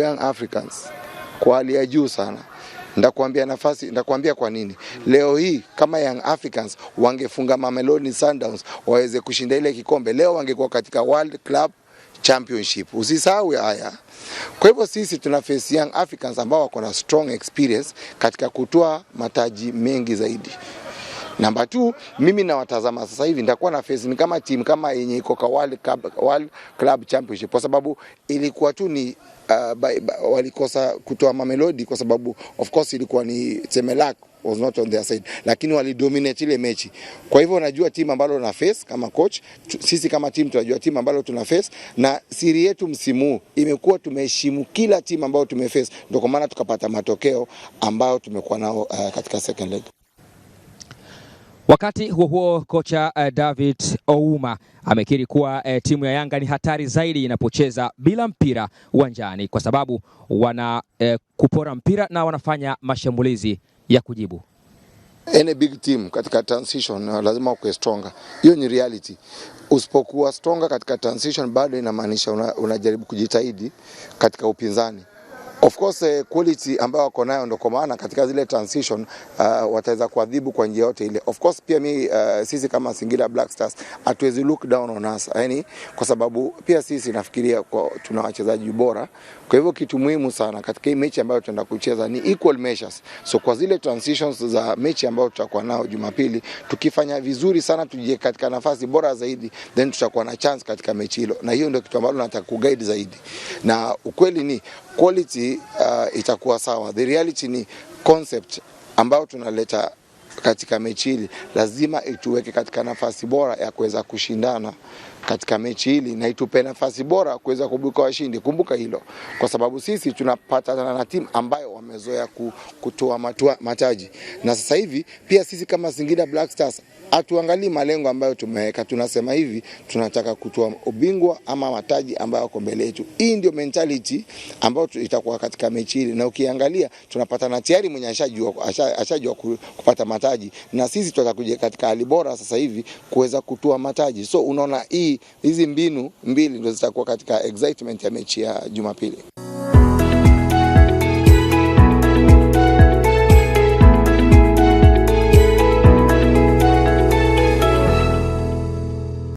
Young Africans kwa hali ya juu sana. Ndakuambia nafasi, ndakuambia kwa nini leo hii kama Young Africans wangefunga Mamelodi Sundowns waweze kushinda ile kikombe leo, wangekuwa katika World Club Championship. Usisahau haya. Kwa hivyo sisi tuna face Young Africans ambao wako na strong experience katika kutoa mataji mengi zaidi. Namba 2 mimi nawatazama sasa hivi nitakuwa na face ni kama timu kama yenye iko kwa World Cup, World Club Championship kwa sababu ilikuwa tu ni uh, by, by, walikosa kutoa Mamelodi kwa sababu of course ilikuwa ni Temelak was not on their side, lakini walidominate ile mechi. Kwa hivyo unajua timu ambalo na face kama coach, tu, sisi kama timu tunajua timu ambalo tuna face, na siri yetu msimu imekuwa tumeheshimu kila timu ambayo tumeface, ndio kwa maana tukapata matokeo ambayo tumekuwa nao uh, katika second leg. Wakati huo huo, kocha uh, David Ouma amekiri kuwa uh, timu ya Yanga ni hatari zaidi inapocheza bila mpira uwanjani kwa sababu wana uh, kupora mpira na wanafanya mashambulizi ya kujibu. Any big team katika transition lazima uwe stronger. Hiyo ni reality. Usipokuwa stronger katika transition bado inamaanisha unajaribu una kujitahidi katika upinzani. Of course uh, quality ambayo wako nayo ndio kwa maana katika zile transition uh, wataweza kuadhibu kwa njia yote ile. Of course pia mi uh, sisi kama Singida Black Stars hatuwezi look down on us, Yaani kwa sababu pia sisi nafikiria kwa tuna wachezaji bora. Kwa hivyo kitu muhimu sana katika hii mechi ambayo tunaenda kucheza ni equal measures. So kwa zile transitions za mechi ambayo tutakuwa nao Jumapili, tukifanya vizuri sana, tujie katika nafasi bora zaidi, then tutakuwa na chance katika mechi hilo, na hiyo ndio kitu ambalo nataka kuguide zaidi, na ukweli ni quality uh, itakuwa sawa. The reality ni concept ambayo tunaleta katika mechi hili lazima ituweke katika nafasi bora ya kuweza kushindana katika mechi hili na itupe nafasi bora kuweza kuibuka washindi. Kumbuka hilo, kwa sababu sisi tunapatana na timu ambayo wamezoea kutoa mataji, na sasa hivi pia sisi kama Singida Black Stars hatuangalii malengo ambayo tumeweka, tunasema hivi, tunataka kutoa ubingwa ama mataji ambayo yako mbele yetu. Hii ndio mentality ambayo itakuwa katika mechi hili, na ukiangalia tunapatana tayari mwenye ashajua, ashajua kupata mataji, na sisi tutakuja katika hali bora sasa hivi kuweza kutoa mataji, so unaona hii hizi mbinu mbili ndio zitakuwa katika excitement ya mechi ya Jumapili.